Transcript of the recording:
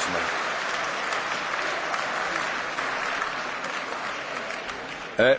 hrozné.